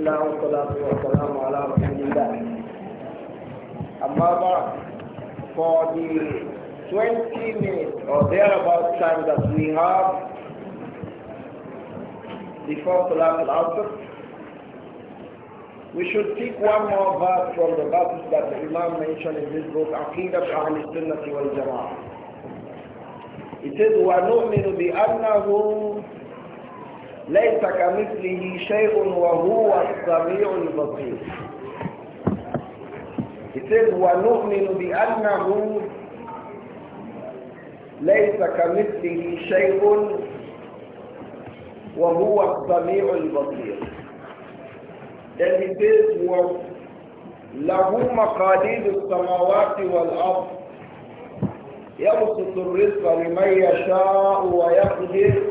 الله والصلاة والسلام على رسول الله أما بعد for the 20 minutes or thereabout time that we have before the last lecture, we should take one more verse from the verses that the Imam mentioned in this book Aqidat Ahl Sunnah wal Jama'ah it says وَنُؤْمِنُ who?" ليس كمثله شيء وهو السميع البصير كتاب ونؤمن بأنه ليس كمثله شيء وهو السميع البصير Then he says, له مقاليد السماوات والأرض يبسط الرزق لمن يشاء ويقدر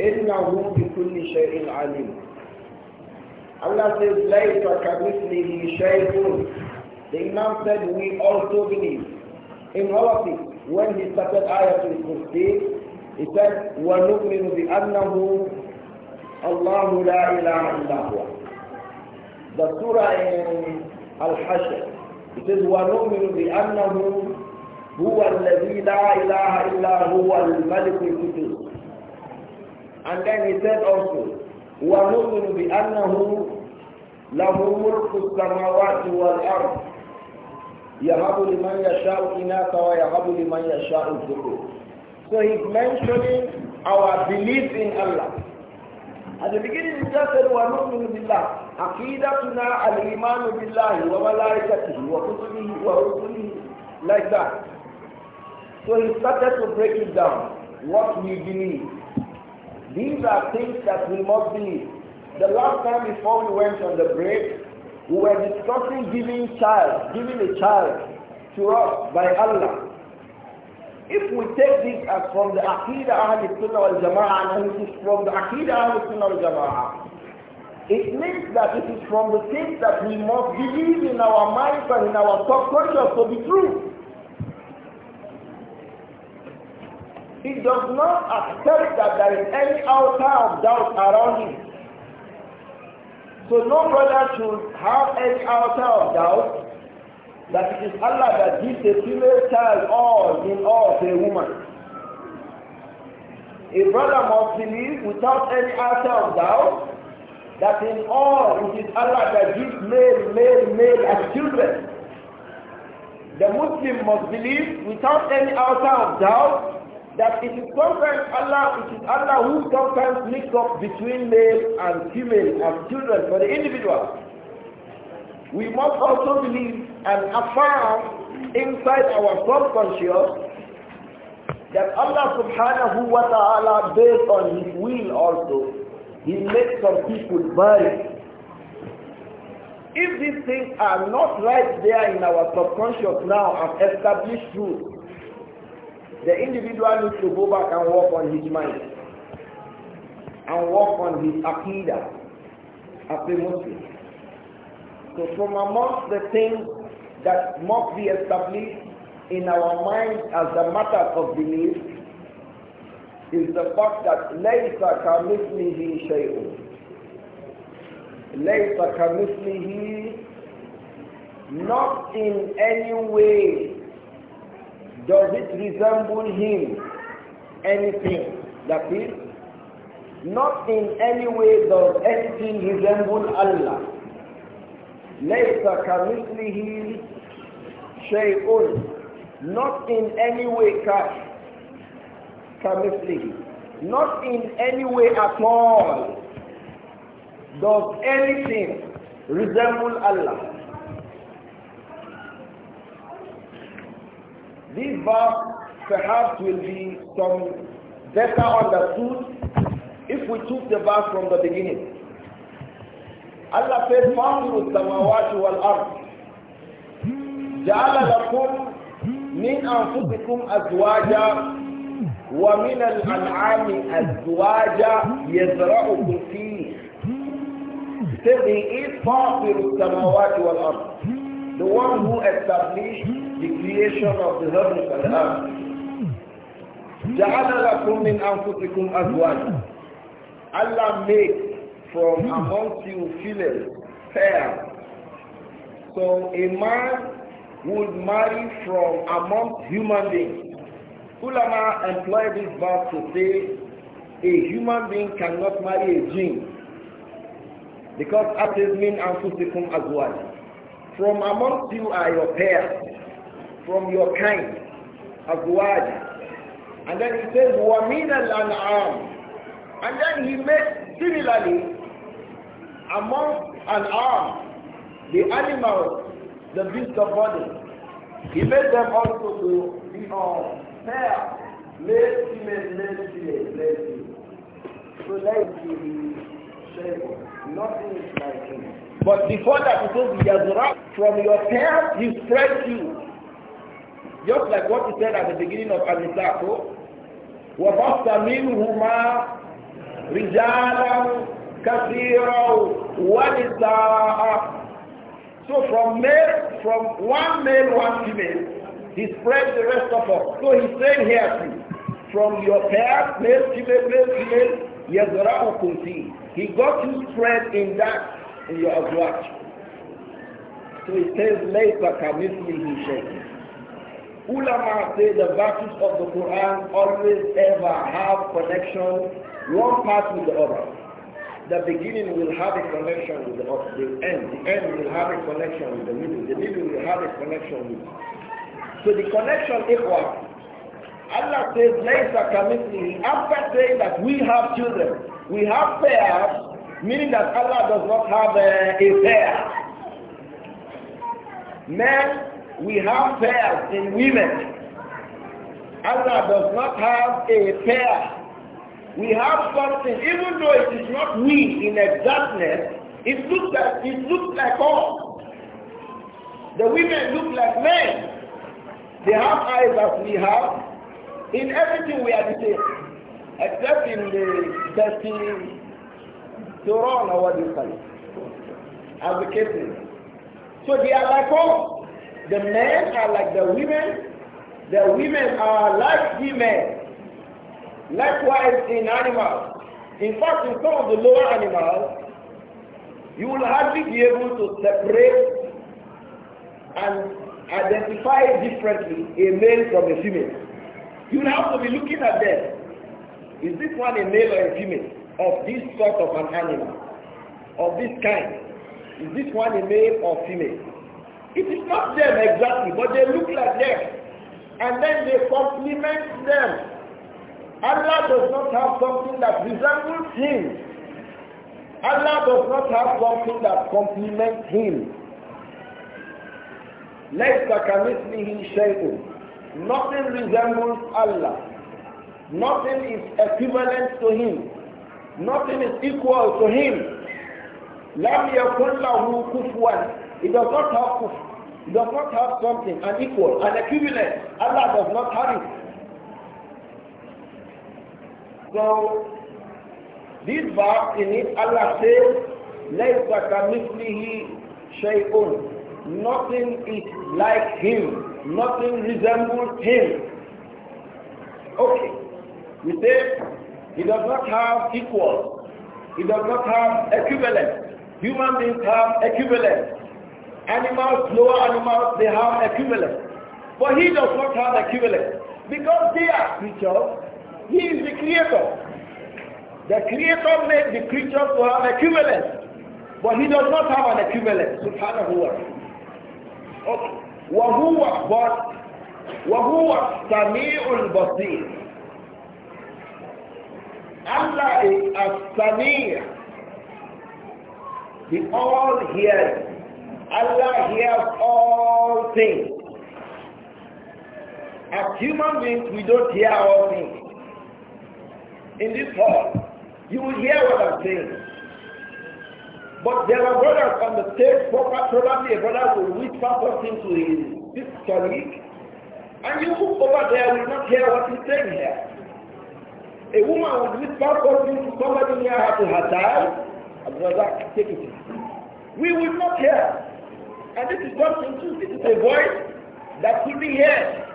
إِنَّهُ بِكُلِّ شَيْءٍ عَلِيمٌ Allah says, لَيْسَ كَمِثْلِهِ شَيْءٌ The Imam said, we also believe. In all of it, when he started Ayatul Kursi, he said, وَنُؤْمِنُ بِأَنَّهُ اللَّهُ لَا إِلَهَ إِلَّا هُوَ The surah in Al-Hashr, it says, وَنُؤْمِنُ بِأَنَّهُ هُوَ الَّذِي لَا إِلَهَ إِلَّا هُوَ الْمَلِكُ الْقُدُسُ and then he said also, وَنُؤْمِنُ بِأَنَّهُ لَهُ مُلْكُ السَّمَاوَاتِ وَالْأَرْضِ يَهَبُ لِمَنْ يَشَاءُ إِنَاثًا وَيَهَبُ لِمَنْ يَشَاءُ الذُّكُورَ So he's mentioning our belief in Allah. At the beginning he just said, وَنُؤْمِنُ بِاللَّهِ عَقِيدَتُنَا الْإِيمَانُ بِاللَّهِ وَمَلَائِكَتِهِ وَكُتُبِهِ وَرُسُلِهِ Like that. So he started to break it down, what we believe. These are things that we must be. The last time before we went on the break, we were discussing giving child, giving a child to us by Allah. If we take this as from the Aqidah Ahl Sunnah al Jama'ah and it is from the Aqidah Ahl Sunnah al Jama'ah, it means that it is from the things that we must believe in our minds and in our subconscious to be true. He does not accept that there is any outer of doubt around him. So no brother should have any outer of doubt that it is Allah that gives a female child all in all to a woman. A brother must believe without any outer of doubt that in all it is Allah that gives male, male, male as children. The Muslim must believe without any outer of doubt that it is sometimes Allah, it is Allah who sometimes mix up between male and female and children for the individual. We must also believe and affirm inside our subconscious that Allah subhanahu wa ta'ala based on his will also, he makes some people marry. If these things are not right there in our subconscious now as established truth, the individual needs to go back and work on his mind and work on his akida, as a Muslim. So from amongst the things that must be established in our mind as a matter of belief is the fact that لَيْسَ كَمِثْلِهِ شَيْءٌ لَيْسَ كَمِثْلِهِ Not in any way does it resemble him anything? That is, not in any way does anything resemble Allah. لَيْسَ كَمِثْلِهِ شَيْءٌ Not in any way كَمِثْلِهِ Not in any way at all does anything resemble Allah. This verse perhaps will be some better understood if we took the verse from the beginning. Allah says, فَانْظُرُوا السَّمَاوَاتِ وَالْأَرْضِ جَعَلَ لَكُمْ مِنْ أَنْفُسِكُمْ أَزْوَاجًا وَمِنَ الْأَنْعَامِ أَزْوَاجًا يَزْرَعُكُمْ فِيهِ Say, the eight parts of the Samawati The one who established the creation of the heavens and earth. جعل لكم من أنفسكم أزواجا Allah made from amongst you fillers, pair. So a man would marry from amongst human beings. Ulama employ this verse to say a human being cannot marry a jinn because atheism and fusikum as From amongst you are your pairs from your kind, azwaj. And then he says, وَمِنَ الْأَنْعَامِ And then he makes similarly among an arm, the animals, the beasts of burden. He made them also to be on pair, male, female, male, female, male, female. So like the Table. Nothing is like him. But before that, he says, he Yazra, from your pair, he spreads you. Just like what he said at the beginning of al وَبَصَّ مِنْهُمَا رِجَالًا كَثِيرًا وَنِسَاءً So from male, from one male, one female, he spread the rest of us. So he said here from your pair, male, female, male, female, يَذْرَأُكُمْ فِي He got you spread in that, in your watch. So he says, لَيْسَ كَمِثْلِهِ شَيْءٍ Ulama say the verses of the Quran always ever have connection, one part with the other. The beginning will have a connection with the, other, the end. The end will have a connection with the middle. The middle will have a connection with. So the connection equal. Allah says, Laisa kamithlihi. After saying that we have children, we have pairs, meaning that Allah does not have a, uh, a pair. Men we have pairs in women. Allah does not have a pair. We have something, even though it is not we in exactness, it looks like it looks like us. The women look like men. They have eyes as we have. In everything we are the same. Except in the destiny Toron or what you call it. As So they are like us. The men are like the women, the women are like the men. Likewise in animals. In fact, in some of the lower animals, you will hardly be able to separate and identify differently a male from a female. You will have to be looking at them. Is this one a male or a female of this sort of an animal, of this kind? Is this one a male or female? It is not them exactly, but they look like them. And then they compliment them. Allah does not have something that resembles him. Allah does not have something that complements him. لَيْسَ كَمِثْلِهِ شَيْءٌ Nothing resembles Allah. Nothing is equivalent to him. Nothing is equal to him. لَمْ يَكُنْ لَهُ كُفْوًا it does not have proof. does not have something, an equal, an equivalent. Allah does not have it. So, this verse in it, Allah says, لَيْسَ كَمِثْلِهِ شَيْءٌ Nothing is like him. Nothing resembles him. Okay. We say, he does not have equal. He does not have equivalent. Human beings have equivalent. Animals, lower animals, they have equivalent. But he does not have equivalent. Because they are creatures, he is the creator. The creator made the creatures to have equivalent. But he does not have an equivalent. Subhanahu wa ta'ala. وَهُوَ but وَهُوَ السَّمِيعُ الْبَصِيرُ Allah is a sami the all-hearing Allah hears all things. As human beings, we don't hear all things. In this hall, you will hear what I'm saying. But there are brothers on the stage, probably a brother will whisper something to his colleague, and you over there will not hear what he's saying here. A woman will whisper something to somebody near her to her child, and brother, take it. We will not hear. And this is God's truth. is a voice that could be heard.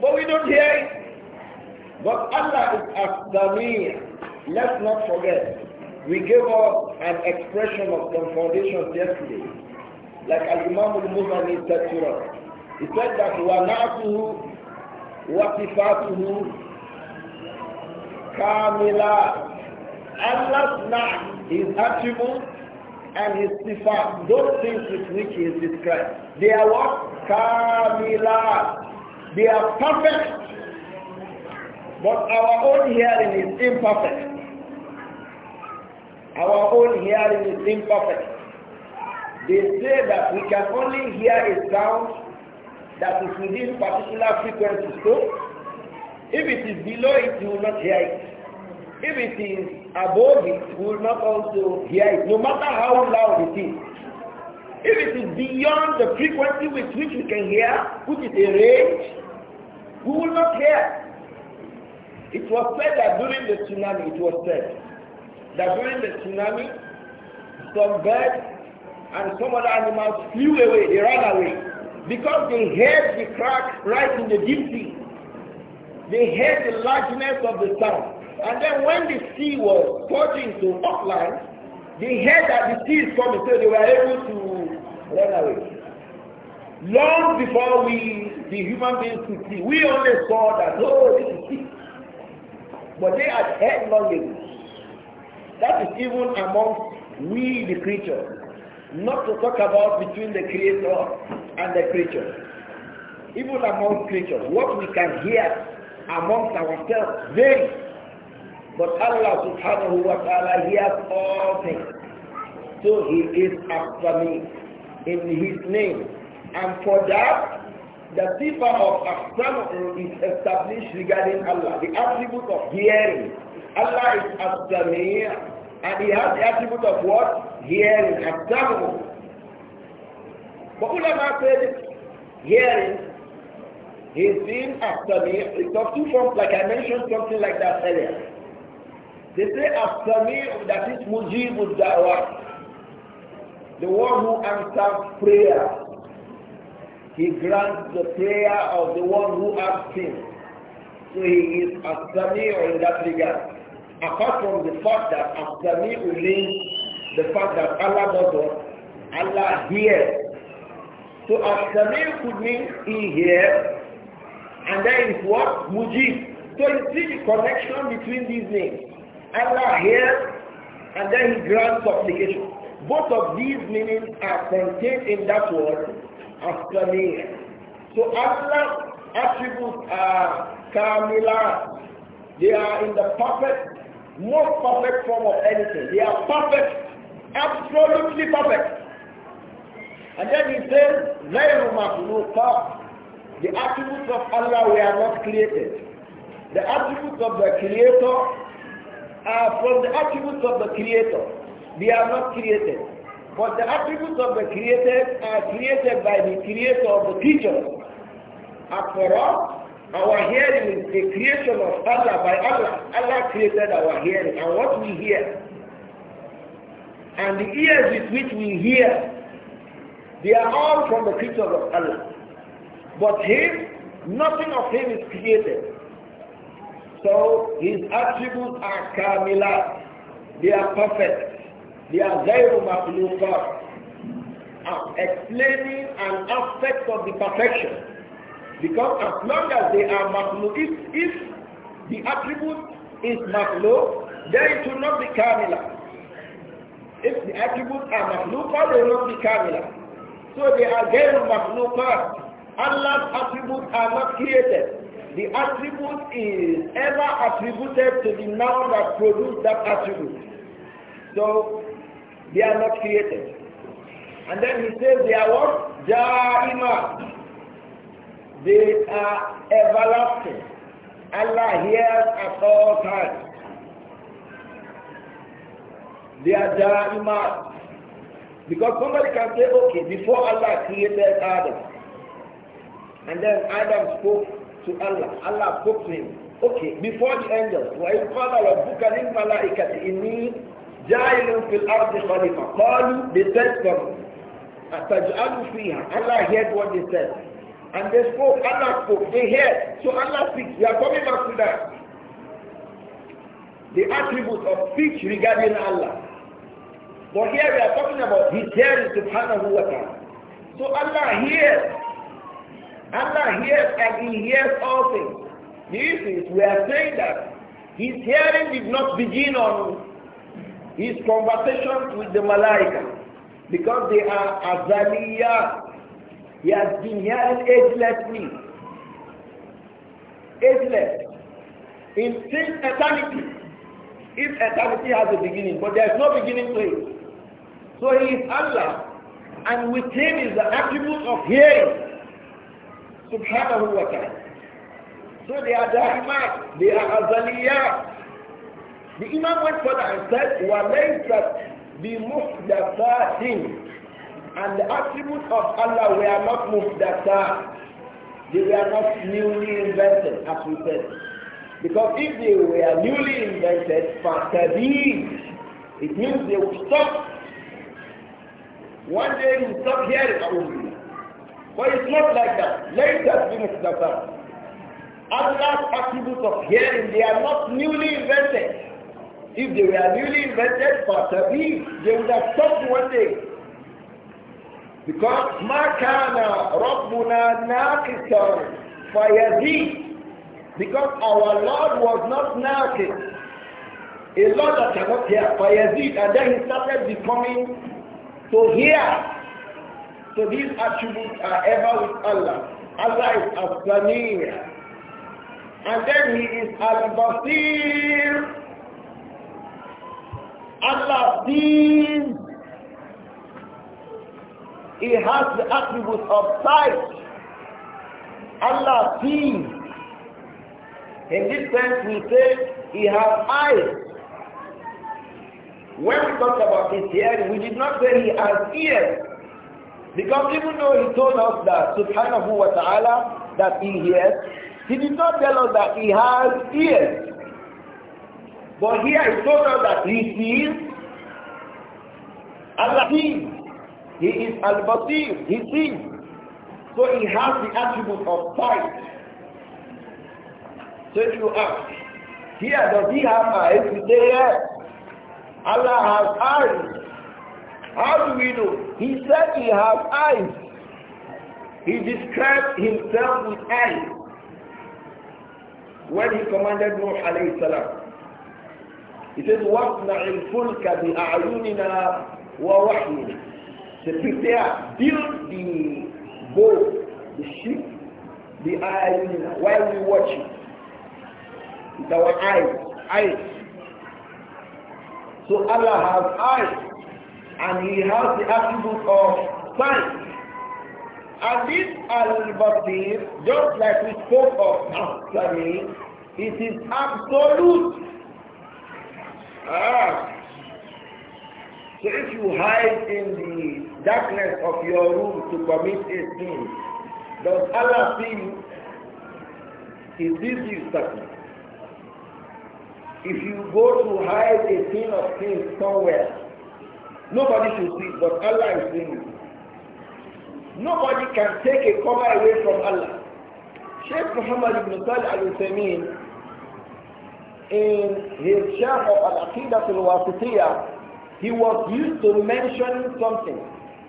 But we don't hear it. But Allah is Asdamir. Let's not forget. We gave up an expression of some foundations yesterday. Like Al-Imam al-Muzani said to us. He said that وَنَعْتُهُ وَصِفَاتُهُ kamila. Allah's na his attributes and his sifat, those things with which he is described, they are what? Kamila. They are perfect. But our own hearing is imperfect. Our own hearing is imperfect. They say that we can only hear a sound that is within particular frequencies. So, if it is below it, you will not hear it. If it is above it will not also hear it, no matter how loud it is. If it is beyond the frequency with which we can hear, which is a range, we will not hear. It was said that during the tsunami, it was said that during the tsunami, some birds and some other animals flew away, they ran away, because they heard the crack right in the deep sea. They heard the largeness of the sound. And then when the sea was purging to upland, they heard that the sea is coming, so they were able to run away. Long before we, the human beings could see, we only saw that, oh, this is sea. But they had heard long ago. That is even among we, the creatures. Not to talk about between the creator and the creature. Even among creatures, what we can hear amongst ourselves varies. But Allah subhanahu wa ta'ala hears all things. So he is after me in his name. And for that, the sifa of Ahsanu is established regarding Allah, the attribute of hearing. Allah is after me, and he has the attribute of what? Hearing, Ahsanu. But ulama said hearing, he being after me. It's of two forms like I mentioned something like that earlier. They say As-Sami' that is Mujibud Da'wah. The one who answers prayer. He grants the prayer of the one who asks him. So he is as in that regard. Apart from the fact that as means the fact that Allah does what? Allah hears. So as could mean he hears and that is what? Mujib. So you see the connection between these names. Allah hears and then he grants supplication. Both of these meanings are contained in that word, Askamir. So Allah's attributes are Kamila. They are in the perfect, most perfect form of anything. They are perfect, absolutely perfect. And then he says, غير مخلوقات. The attributes of Allah were not created. The attributes of the Creator are from the attributes of the Creator. They are not created. But the attributes of the created are created by the Creator of the creature. As for us, our hearing is the creation of Allah by Allah. Allah created our hearing and what we hear. And the ears with which we hear, they are all from the creatures of Allah. But Him, nothing of Him is created. So his attributes are kamila. They are perfect. They are ghayru makhluqat. I'm explaining an aspect of the perfection. Because as long as they are makhluq, if, if the attribute is makhluq, then it will not be kamila. If the attributes are makhluqat, they will not be kamila. So they are ghayru makhluqat. Allah's attributes are not created the attribute is ever attributed to the noun that produced that attribute. So they are not created. And then he says they are what? Ja'ima. They are everlasting. Allah hears at all times. They are Ja'ima. Because somebody can say, okay, before Allah created Adam, and then Adam spoke to Allah. Allah spoke to him. Okay, before the angels, وَإِنْ قَالَ رَبُّكَ لِلْمَلَائِكَةِ إِنِّي جَاعِلٌ فِي الْأَرْضِ خَلِفَةً قَالُوا They said from أَتَجْعَلُ فِيهَا Allah heard what they said. And they spoke, Allah spoke, they heard. So Allah speaks. We are coming back to that. The attribute of speech regarding Allah. But here we are talking about His hearing subhanahu wa ta'ala. So Allah hears Allah hears and He hears all things. This is, we are saying that His hearing did not begin on His conversations with the Malaika because they are Azaliya. He has been hearing agelessly. Ageless. In since eternity. If eternity has a beginning, but there is no beginning to it. So He is Allah and with Him is the attribute of hearing subhanahu wa ta'ala. So they are dahimat, they are azaliya. The Imam went further and said, وَلَيْسَتْ بِمُحْدَثَاتٍ And the attributes of Allah were not muhdathat. They were not newly invented, as we said. Because if they were newly invented, فَتَبِيد It means they would stop. One day you stop hearing, but it's not like that. Let us finish the time. Allah's attributes of hearing, they are not newly invented. If they were newly invented for Tabi, uh, they would have stopped one day. Because مَا كَانَ رَبُّنَا نَاقِسًا Because our Lord was not naked. A Lord that cannot hear, فَيَزِيدُ And then he started becoming to hear. So these attributes are ever with Allah. Allah is Al-Samir. And then he is Al-Basir. Allah sees. He has the attributes of sight. Allah sees. In this sense we say he has eyes. When we talk about his hearing, we did not say he has ears. Because even though he told us that subhanahu wa ta'ala that he hears, he did not tell us that he has ears. But here he told us that he sees Allah sees. He is Al-Basir. He sees. So he has the attribute of sight. So if you ask, here does he have eyes? You say yes. Allah has eyes. How do we know? He said he has eyes. He described himself with eyes when he commanded Nuh alayhi salam. He says, وَاصْنَعِ الْفُلْكَ بِأَعْيُنِنَا وَوَحْيِنَا To prepare, build the boat, the ship, the ayunina, while we watch it. It's our eyes, eyes. So Allah has eyes and he has the attribute of sight. And this al just like we spoke of Asami, it is absolute. Ah. So if you hide in the darkness of your room to commit a sin, does Allah see you? this is you certainly. If you go to hide a sin of sin somewhere, Nobody should see it, but Allah is seeing it. Nobody can take a cover away from Allah. Sheikh Muhammad ibn Salih al-Uthaymeen, in his Sharh of Al-Aqidah al-Wasitiyah, he was used to mention something.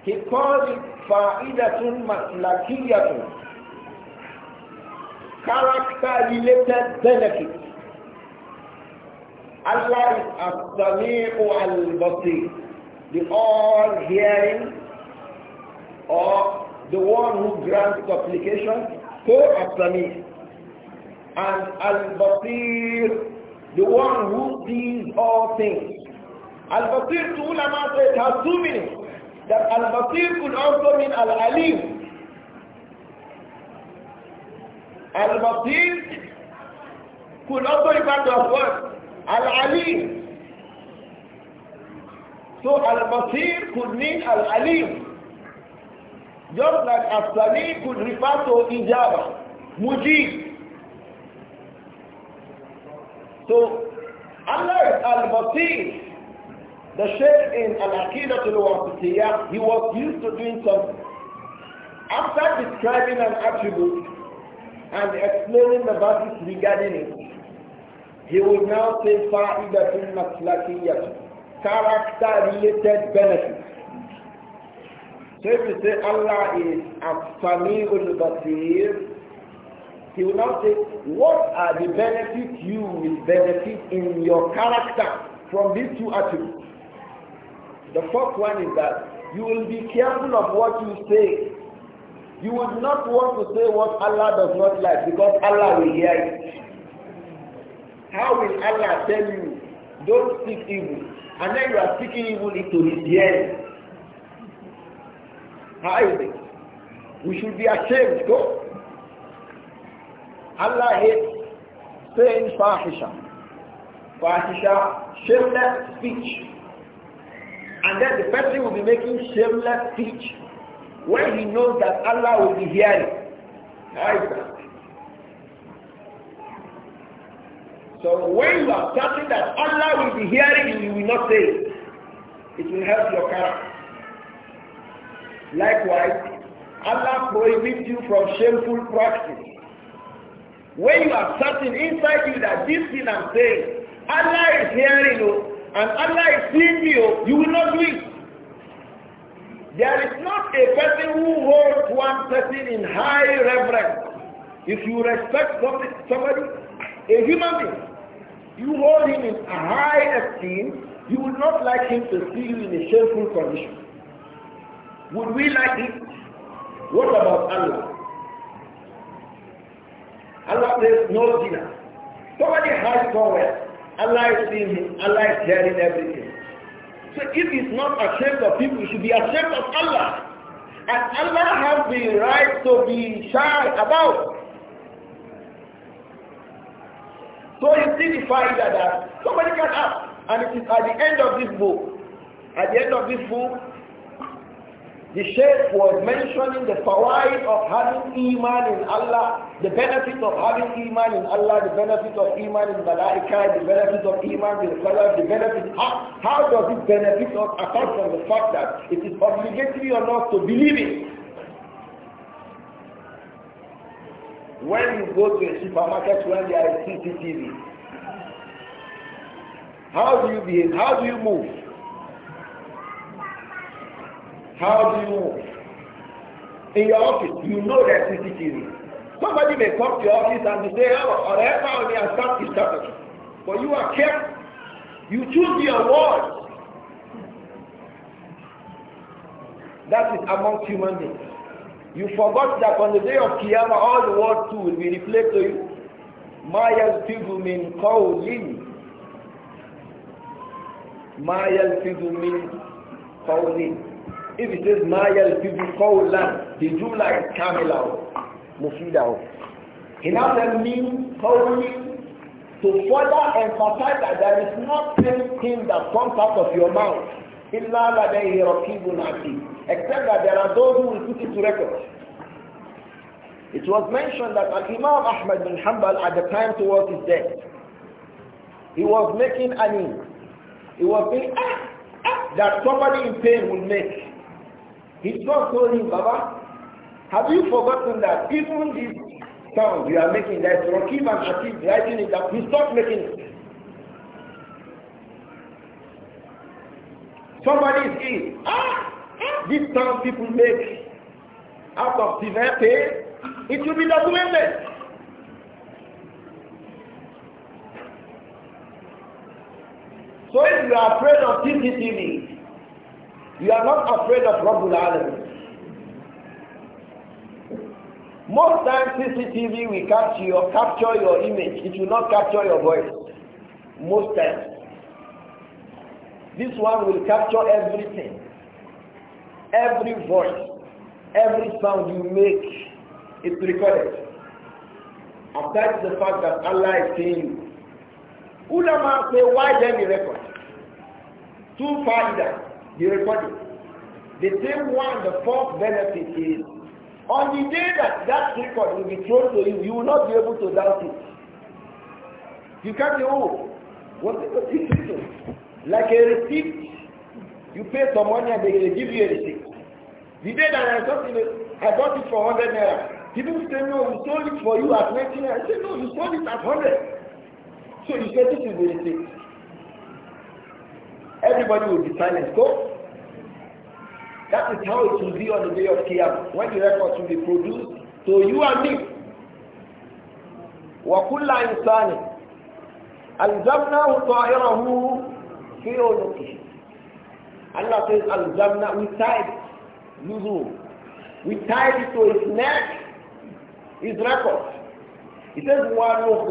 He called it fa'idatun maslakiyatun, character-related benefit. Allah is as-sami'u al-basir the all-hearing, or the one who grants supplication, for aslamid And Al-Basir, the one who sees all things. Al-Basir to ulama said has two meanings. That Al-Basir could also mean Al-Alim. Al-Basir could also refer to as Al-Alim. So Al-Basir could mean Al-Alim. Just like al sami could refer to Ijaba, Mujib. So Allah is Al-Basir. The Shaykh in Al-Aqidah al he was used to doing something. After describing an attribute and explaining the verses regarding it, he would now say فَائِدَةٌ مَسْلَكِيَّةٌ character-related benefits. So if you say Allah is As-Sami'ul Basir, he will now say, what are the benefits you will benefit in your character from these two attributes? The first one is that you will be careful of what you say. You would not want to say what Allah does not like because Allah will hear it. How will Allah tell you, don't speak evil? and then you are speaking evil into his ears. How is it? We should be ashamed. Go. Allah hates saying fahisha. Fahisha, shameless speech. And then the person will be making shameless speech when he knows that Allah will be hearing. How is that? So when you are certain that Allah will be hearing you, you will not say it. It will help your character. Likewise, Allah prohibits you from shameful practice. When you are certain inside you that this thing I'm saying, Allah is hearing you and Allah is seeing you, you will not do it. There is not a person who holds one person in high reverence. If you respect somebody, a human being. You hold him in a high esteem, you would not like him to see you in a shameful condition. Would we like it? What about Allah? Allah says no dinner. Somebody has somewhere. Allah is seeing him. Allah is hearing everything. So if he's not ashamed of people, he should be ashamed of Allah. And Allah has the right to be shy about. So you see the faida that somebody can ask. And it is at the end of this book, at the end of this book, the Sheikh was mentioning the fawaid of having iman in Allah, the benefit of having iman in Allah, the benefit of iman in Malaika, the benefit of iman in Salah, the benefit. How, how does it benefit us apart from the fact that it is obligatory on us to believe it? when you go to a supermarket when there is CCTV? How do you behave? How do you move? How do you move? In your office, you know there's CCTV. Somebody may come to your office and say, oh, or ever they are start is But you are careful. You choose your words. That is among human beings. You forgot that on the day of Kiyama, all the world too will be replayed to you. ما يلفظ من قول ما يلفظ من قول If it says ما يلفظ did the like is kamila, mufida. He now said mean قولي to further emphasize that there is not thing that comes out of your mouth except that there are those who will put it to record it was mentioned that Imam Ahmad bin Hanbal at the time towards his death he was making an in he was saying ah, ah, that somebody in pain will make He's not told him Baba have you forgotten that even this sound you are making that Raqib and Atid writing it that he's not making it Somebody is here. Ah! this sound people make out of severe pain, it will be documented. So if you are afraid of CCTV, you are not afraid of Rabbul Alam. Most times CCTV will capture your, capture your image. It will not capture your voice. Most times. This one will capture everything. Every voice, every sound you make, it's recorded. Aside the fact that Allah is saying, Ulama say, why then the record? Two fa'idah, the recording. The same one, the fourth benefit is, on the day that that record will be thrown to you, you will not be able to doubt it. You can't say, oh, what is this reason? Like a receipt, you pay some money and they, give you a receipt. The day that I got it, I got it for 100 naira. People say, no, you sold it for you at 90 naira. I say, no, you sold it at 100. So you say, this is the receipt. Everybody will be silent. Go. That is how it will be on the day of Qiyamah. When the records will be produced so you and me. وَكُلَّ إِنسَانٍ أَلْزَمْنَاهُ طَائِرَهُ three old Allah says, Al-Jamna, we tied We tied it to his neck, his record. He says, We will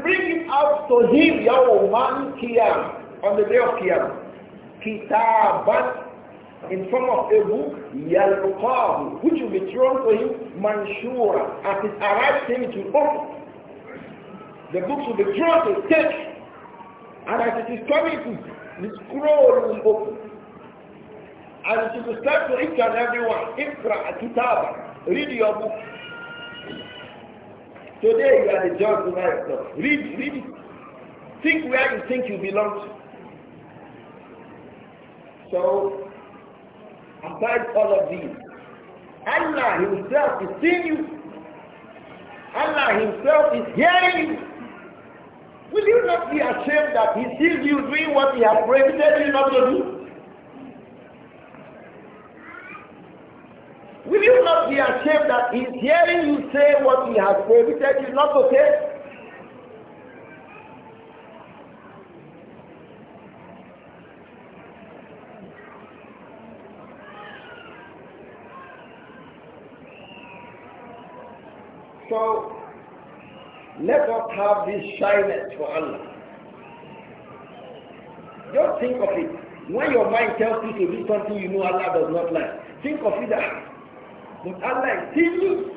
bring it out to him, يَوْمَ الْقِيَامِ On the day of Qiyamah. Kitabat, in form of a book, Yalqahu, which will be thrown to him, Manshura. As it arrives him, it will open. The book will be thrown to take." And as it is coming, the scroll will open. And it is a to each and everyone, one. Ikra Read your book. Today you are the judge of yourself. Read, read Think where you think you belong to. So, aside all of these, Allah Himself is seeing you. Allah Himself is hearing you. Will you not be ashamed that he sees you doing what he has prohibited you not to do? Will you not be ashamed that he is hearing you say what he has prohibited you not to say? Let us have this shyness for Allah. Just think of it. When your mind tells you to do something you know Allah does not like, think of it that, but Allah is you.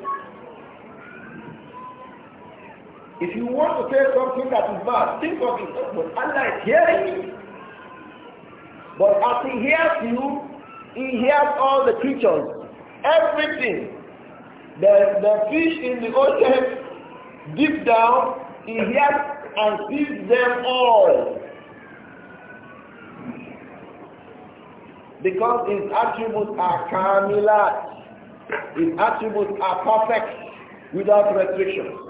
If you want to say something that is bad, think of it, but Allah is hearing you. But as He hears you, He hears all the creatures, everything. The, the fish in the ocean, Deep down, he hears and sees them all. Because his attributes are kamilat. His attributes are perfect without restrictions.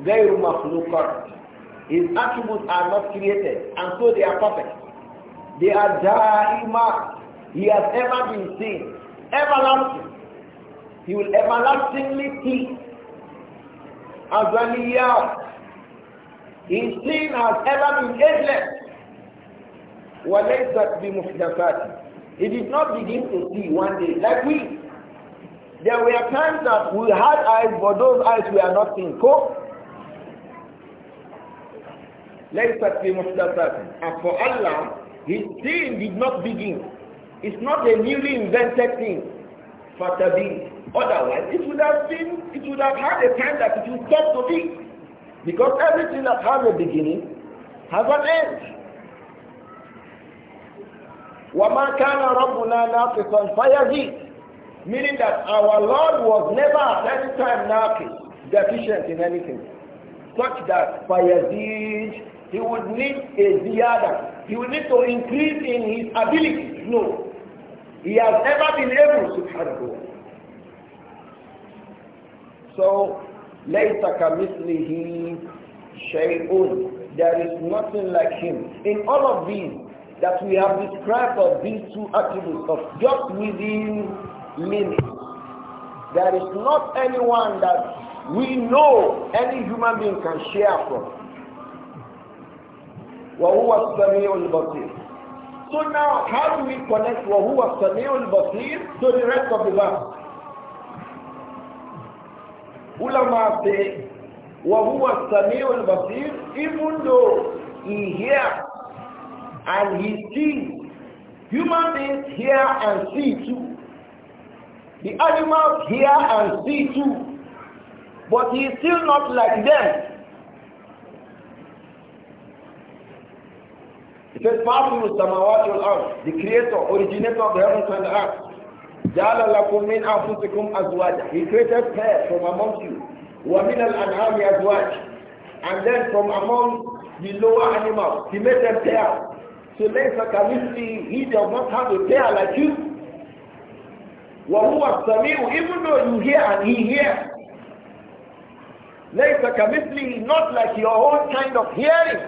غير His attributes are not created and so they are perfect. They are daima. He has ever been seen. Everlasting. He will everlastingly be as azaliyat. His sin has ever been endless. وَلَيْسَتْ بِمُحْدَثَاتِ He did not begin to see one day, like we. There were times that we had eyes, but those eyes were not in cope. bi بِمُحْدَثَاتِ And for Allah, his sin did not begin. It's not a newly invented thing. فَتَبِينَ Otherwise, it would have been, it would have had a time that it would stop to be. Because everything that has a beginning has an end. وَمَا كَانَ رَبُّنَا نَاقِصًا Meaning that our Lord was never at any time naqis, deficient in anything. Such that فَيَزِيدُ He would need a ziyada. He would need to increase in his ability. No. He has never been able, subhanahu wa so, لَيْسَ كَمِثْلِهِ شَيْءٌ There is nothing like him. In all of these that we have described of these two attributes of just within limits, there is not anyone that we know any human being can share from. وَهُوَ السَّمِيعُ الْبَصِيرُ So now, how do we connect وَهُوَ السَّمِيعُ الْبَصِيرُ to the rest of the verse? Ulama say, wa السَّمِيعُ الْبَصِيرُ Even though he hears and he sees, human beings hear and see too. The animals hear and see too. But he is still not like them. It says, Father, the creator, originator of the heavens and the earth. جعل لكم من أنفسكم أزواجا He created pair from amongst you ومن الأنعام أزواج and then from among the lower animals He made them pair so ليس كمثله He does not have a pair like you وهو السميع even though you hear and he hears ليس كمثله not like your own kind of hearing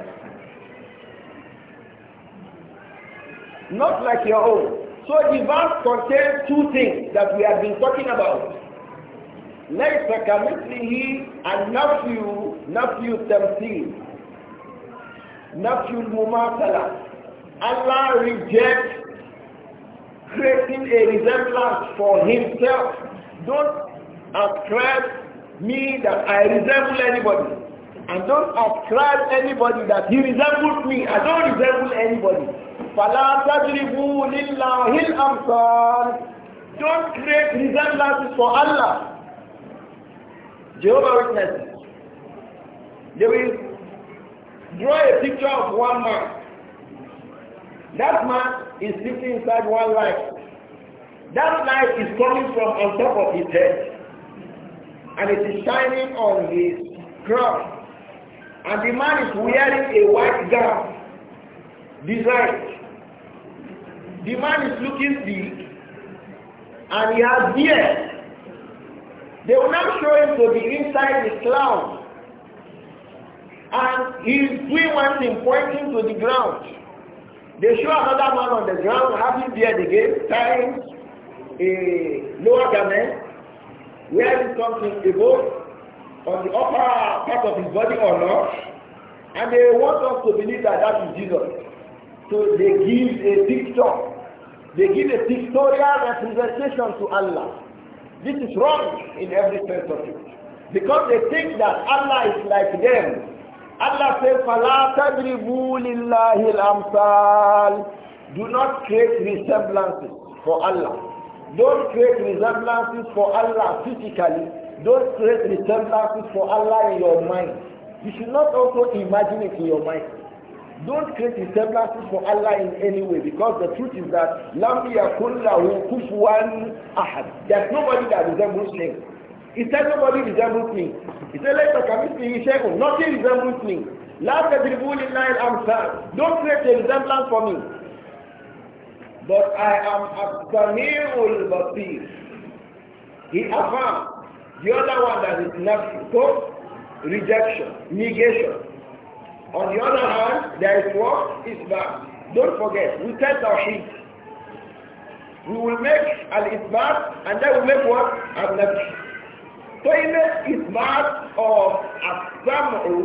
not like your own so the verse contains two things that we have been talking about. ليس and Nafiu Nafiu التمثيل Nafiu المماثلة Allah rejects creating a resemblance for himself. Don't ascribe me that I resemble anybody. And don't ascribe anybody that he resembles me. I don't resemble anybody. فَلَا تَجْرِبُوا لِلَّهِ الْأَمْثَالِ Don't create resemblances for Allah. Jehovah Witnesses. They will draw a picture of one man. That man is sitting inside one light. That light is coming from on top of his head. And it is shining on his crown. And the man is wearing a white gown designed the man is looking sick and he has beard. They will now show him to be inside the cloud. And he is doing one thing, pointing to the ground. They show another man on the ground having beard again, tying a lower garment, wearing something above on the upper part of his body or not, and they want us to believe that that is Jesus. So they give a picture they give a pictorial representation to Allah. This is wrong in every sense of it. Because they think that Allah is like them. Allah says, فَلَا تَدْرِبُوا لِلَّهِ الْأَمْثَالِ Do not create resemblances for Allah. Don't create resemblances for Allah physically. Don't create resemblances for Allah in your mind. You should not also imagine it in your mind. Don't create resemblances for Allah in any way because the truth is that لَمْ يَكُنْ لَهُ كُفُوًا أَحَدٍ There's nobody that resembles me. He said nobody resembles me. He said let the committee share nothing resembles me. لا I'm لِلَّهِ الْأَمْثَالِ Don't create a resemblance for me. But I am Abdami'ul Basir. He affirmed the other one that is not so, rejection, negation. On the other hand, there is what? Isbat. Don't forget, we take our heat. We will make an Isbat and then we make what? An Nabi. So in the Isbat of As-Sam'u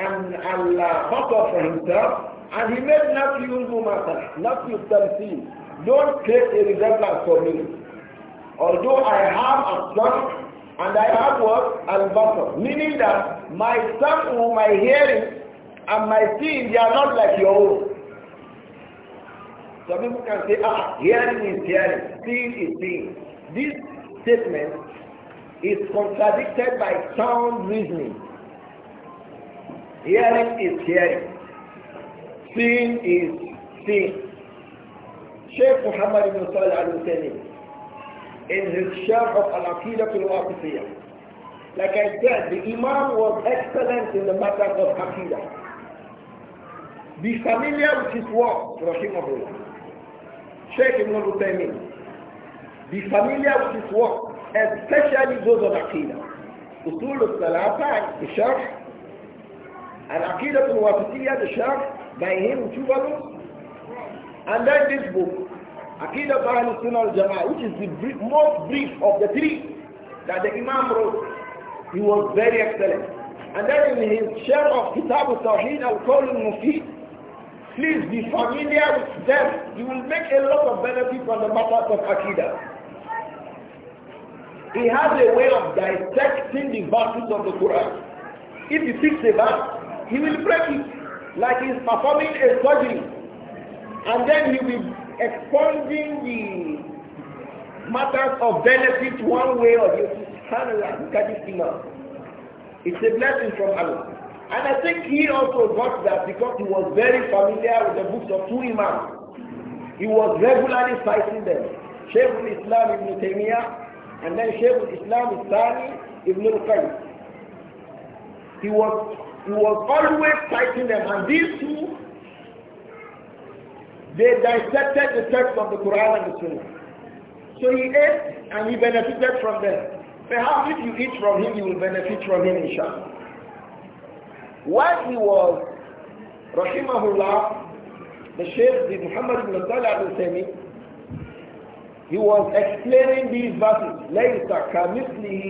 and Allah for himself, and he made Nafiyul Mumata, Nafiyul Tamsil. Don't take a resemblance for me. Although I have a son and I have what? Al-Basar. Meaning that my son, my hearing and my sins, they are not like your own. Some people can say, ah, hearing is hearing, seeing is seeing. This statement is contradicted by sound reasoning. Hearing is hearing. Seeing is seeing. Sheikh Muhammad ibn Salih al-Husayni, in his Sharh of Al-Aqidah al-Waqifiyah, like I said, the Imam was excellent in the matter of Aqidah. Be familiar with his work, Rahimahullah. Sheikh Ibn Utaymin. Be familiar with his work, especially those of Aqidah. أصول الثلاثة الشرح العقيدة الواسطية الشرح بينهم جبل and then this book عقيدة أهل السنة والجماعة which is the brief, most brief of the three that the Imam wrote he was very excellent and then in his share of كتاب التوحيد القول المفيد Please be familiar with them. You will make a lot of benefit from the matters of akida. He has a way of dissecting the verses of the Quran. If he picks a verse, he will break it like he's performing a surgery. And then he will expounding the matters of benefit one way or the other. Look at this imam. It's a blessing from Allah. And I think he also got that because he was very familiar with the books of two imams. He was regularly citing them. Shaykh al-Islam ibn Taymiyyah and then Shaykh al-Islam al-Thani ibn al-Qayyim. He was, he was always citing them and these two, they dissected the text of the Quran and the Sunnah. So he ate and he benefited from them. Perhaps if you eat from him, you will benefit from him inshallah. While he was, Rahimahullah, the Shaykh, the Muhammad ibn Salih al Sami, he was explaining these verses. لَيْسَ كَمِثْلِهِ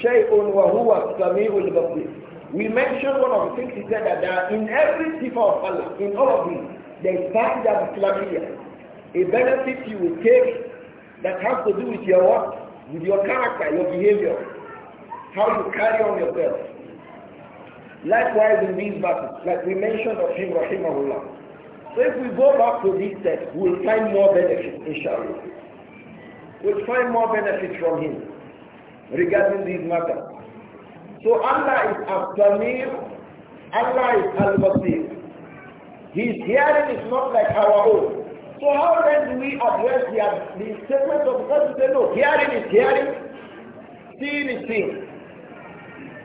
شَيْءٌ وَهُوَ السَّمِيعُ الْبَصِيرُ We mentioned one of the things he said that there, in every sifa of Allah, in all of these, there is that islamiyya, a benefit you will take that has to do with your what? With your character, your behavior, how you carry on yourself. Likewise in these verses, like we mentioned of him, Rahimahullah. So if we go back to this text, we'll find more benefit, inshallah. We'll find more benefit from him regarding these matters. So Allah is Al-Samir, Allah is Al-Basir. His hearing is not like our own. So how then do we address the, the statement of God to say, no, hearing is hearing, seeing is seeing.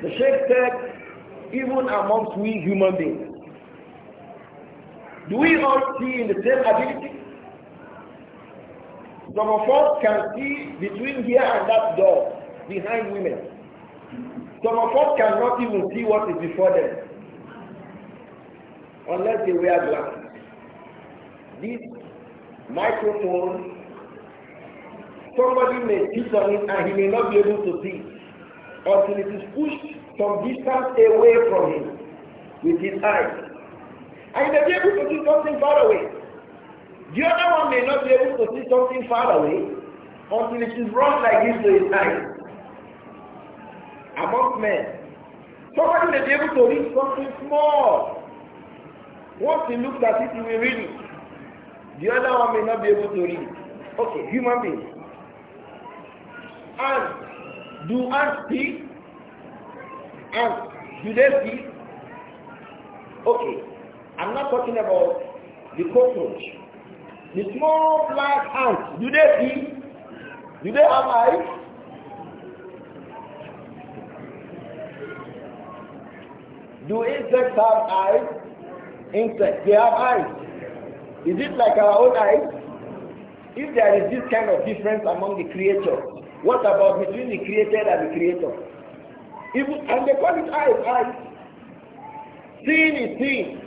The Sheikh said, even amongst we human beings. Do we all see in the same ability? Some of us can see between here and that door behind women. Some of us cannot even see what is before them unless they wear glasses. This microphone, somebody may sit on it and he may not be able to see until it is pushed some distance away from him with his eyes. And he may be able to see something far away. The other one may not be able to see something far away until it is brought like this to his eyes. Among men, somebody may be able to read something small. Once he looks at it, he will read it. The other one may not be able to read. Okay, human beings. And Do ants speak? And do they see? Okay, I'm not talking about the cockroach. The small black ants, do they see? Do they have eyes? Do insects have eyes? Insects, they have eyes. Is it like our own eyes? If there is this kind of difference among the creatures, what about between the created and the creator? Even, and they call it eye, eye. Seeing is seeing.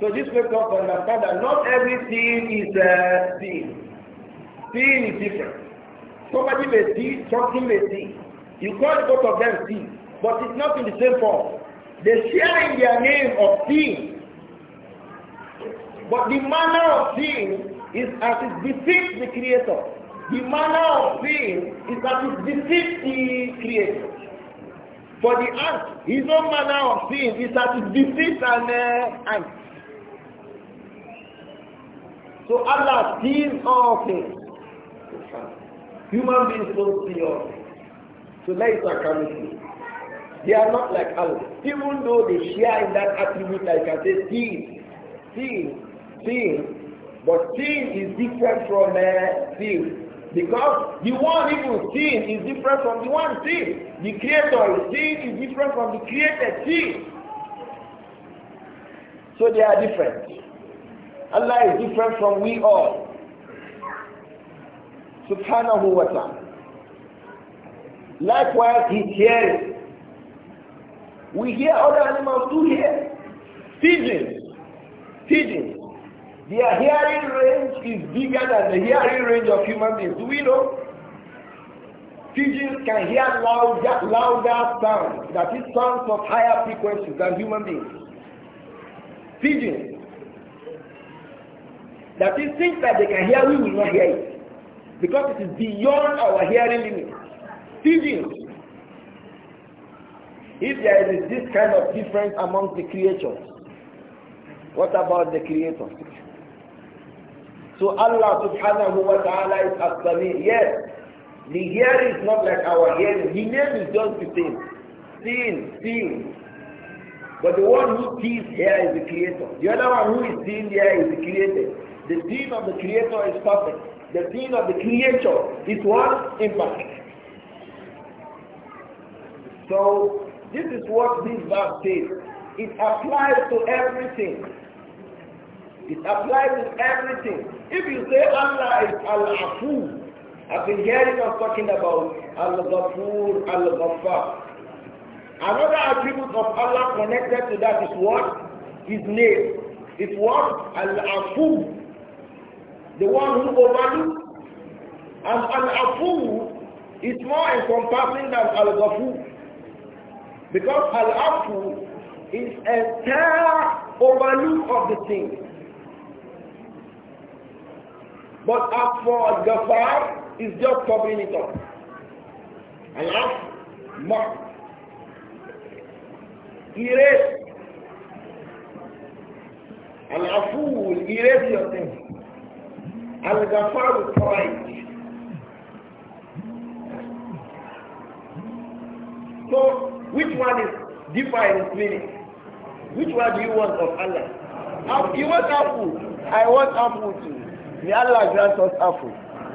So this makes us understand that not everything is uh, Sin Seeing is different. Somebody may see, something may see. You call both of them see, but it's not in the same form. They share in their name of seeing. But the manner of seeing is as it deceives the Creator. The manner of seeing is as it deceives the Creator. For the ant, his own manner of seeing is that it defeats an uh, ant. So Allah sees all things. Human beings don't see all things. So lights are coming They are not like Allah. Even though they share in that attribute, like I say, seeing, seeing, seeing. But seeing is different from uh, seeing. Because the one even seen is different from the one seen. The creator is seen is different from the created seen. So they are different. Allah is different from we all. Subhanahu wa ta'ala. Likewise, he hears. We hear other animals too hear. Pigeons. Pigeons. Their hearing range is bigger than the hearing range of human beings. Do we know? Pigeons can hear louder, louder sounds, that is sounds of higher frequencies than human beings. Pigeons. That is things that they can hear, we will not hear it. Because it is beyond our hearing limit. Pigeons. If there is this kind of difference among the creatures, what about the creator? So Allah subhanahu wa ta'ala is as Yes, the hearing is not like our hearing. The name is just the same. Seeing, seeing. But the one who sees here is the creator. The other one who is seeing here is the creator. The seeing of the creator is perfect. The seeing of the creature is one impact. So this is what this verse says. It applies to everything. It applies to everything. If you say Allah is Al-Afu, I've been hearing us talking about Al-Ghafur, Al-Ghaffar. Another attribute of Allah connected to that is what? His name. It's what? Al-Afu. The one who overlooks. And Al-Afu is more encompassing than Al-Ghafur. Because Al-Afu is entire overlook of the thing. But as for Gafar, it's just covering it up. And as Mark, erase. And Afu will erase your thing, And Gafar will it. So, which one is deeper in meaning? Which one do you want of Allah? You want Afu? I want Afu too. May Allah grant us afu.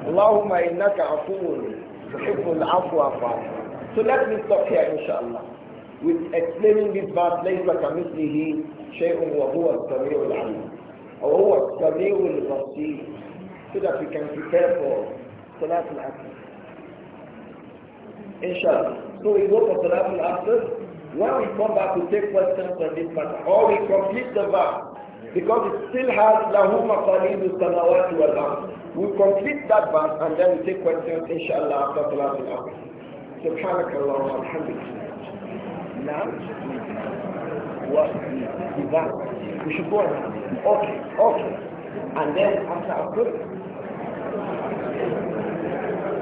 Allahumma innaka afuun tuhibbul afwa fa'fu. So let me stop here inshallah. With explaining this verse, ليس كمثله شيء وهو السميع العليم. Or هو السميع البصير. So that we can prepare for Salat al-Asr. Inshallah. So we go for Salat al-Asr. When we come back, to take questions on this matter. Or we complete the verse because it still has lahu maqalidu samawati wal we complete that verse and then we take questions inshallah after salat al asr سبحانك اللهم وبحمدك نعم وإذا we should go on okay okay and then after a good,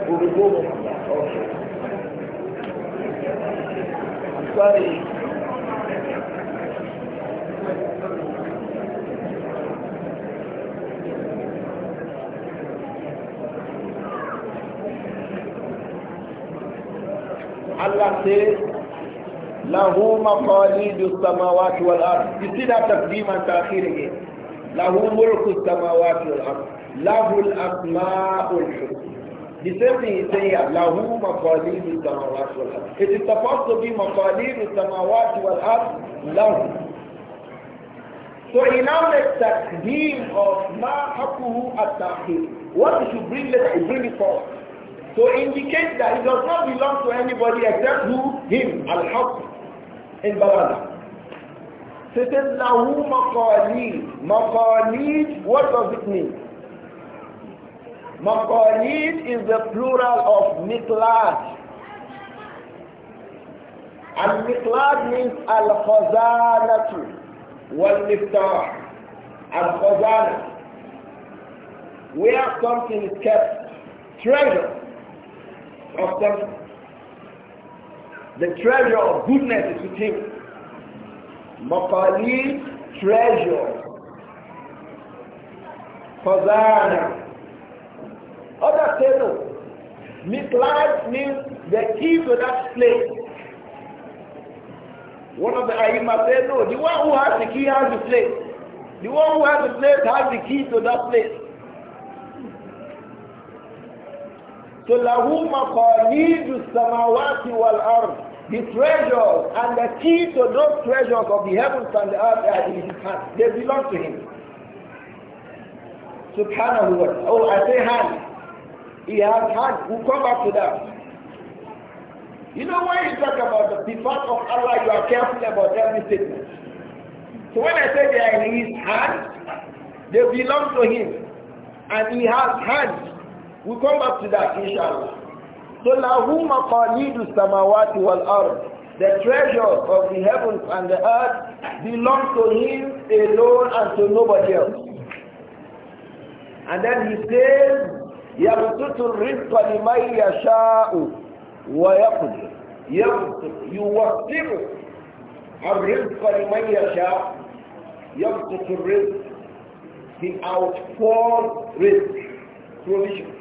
we will go over on okay I'm sorry say له مقاليد السماوات والأرض you see that تقديم and تأخير again له ملك السماوات والأرض له الأسماء الحسنى The same thing is saying here, له مقاليد السماوات والأرض It is supposed to be مقاليد السماوات والأرض له So he now makes تقديم of ما حقه التأخير What he should bring later, he bring it forward to indicate that it does not belong to anybody except who? Him, Al-Haqq, in Balada. So it says, Lahu maqalid. Maqalid, what does it mean? Maqalid is the plural of miqlad. Al-miqlad means al-khazanatu wal-miftah. Al-khazana. Where something is kept, treasure of them. The treasure of goodness is with him. Maqalid treasure. Fazana. Other table. no. means the key to that place. One of the Ayima said no. The one who has the key has the place. The one who has the place has the key to that place. So lahu maqalidu samawati wal ard. The treasures and the key to those treasures of the heavens and the earth are in his hand. They belong to him. Subhanahu wa ta'ala. Oh, I say hand. He has hand. We'll come back to that. You know when you talk about the sifat of Allah, you are careful about every statement. So when I say they are in his hand, they belong to him. And he has hands. We will come back to that, inshallah. So lahu maqalidu samawati wal ard. The treasure of the heavens and the earth belongs to him alone and to nobody else. And then he says, يَبْسُطُ الرِّزْقَ لِمَنْ يَشَاءُ وَيَقْدِرُ يَبْسُطُ يُوَسِّعُ الرِّزْقَ لِمَنْ يَشَاءُ يَبْسُطُ الرِّزْق He outpours risk, provision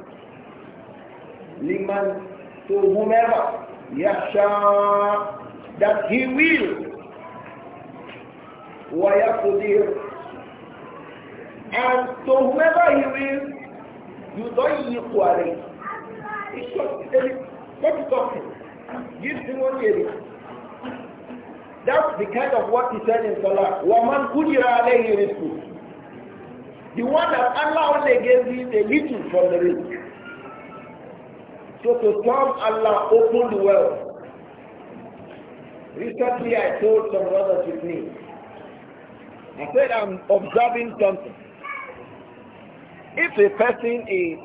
liman to whomever yasha that he will ويقدر and to whomever he will you don't equally it's just what you talking give him what he that's the kind of what he said in Salah وَمَنْ قُدِرَ عَلَيْهِ رِزْقُهُ the one that Allah only gave him a little from the risk so to come, Allah opened the well. Recently I told some brothers with me, I said I'm observing something. If a person is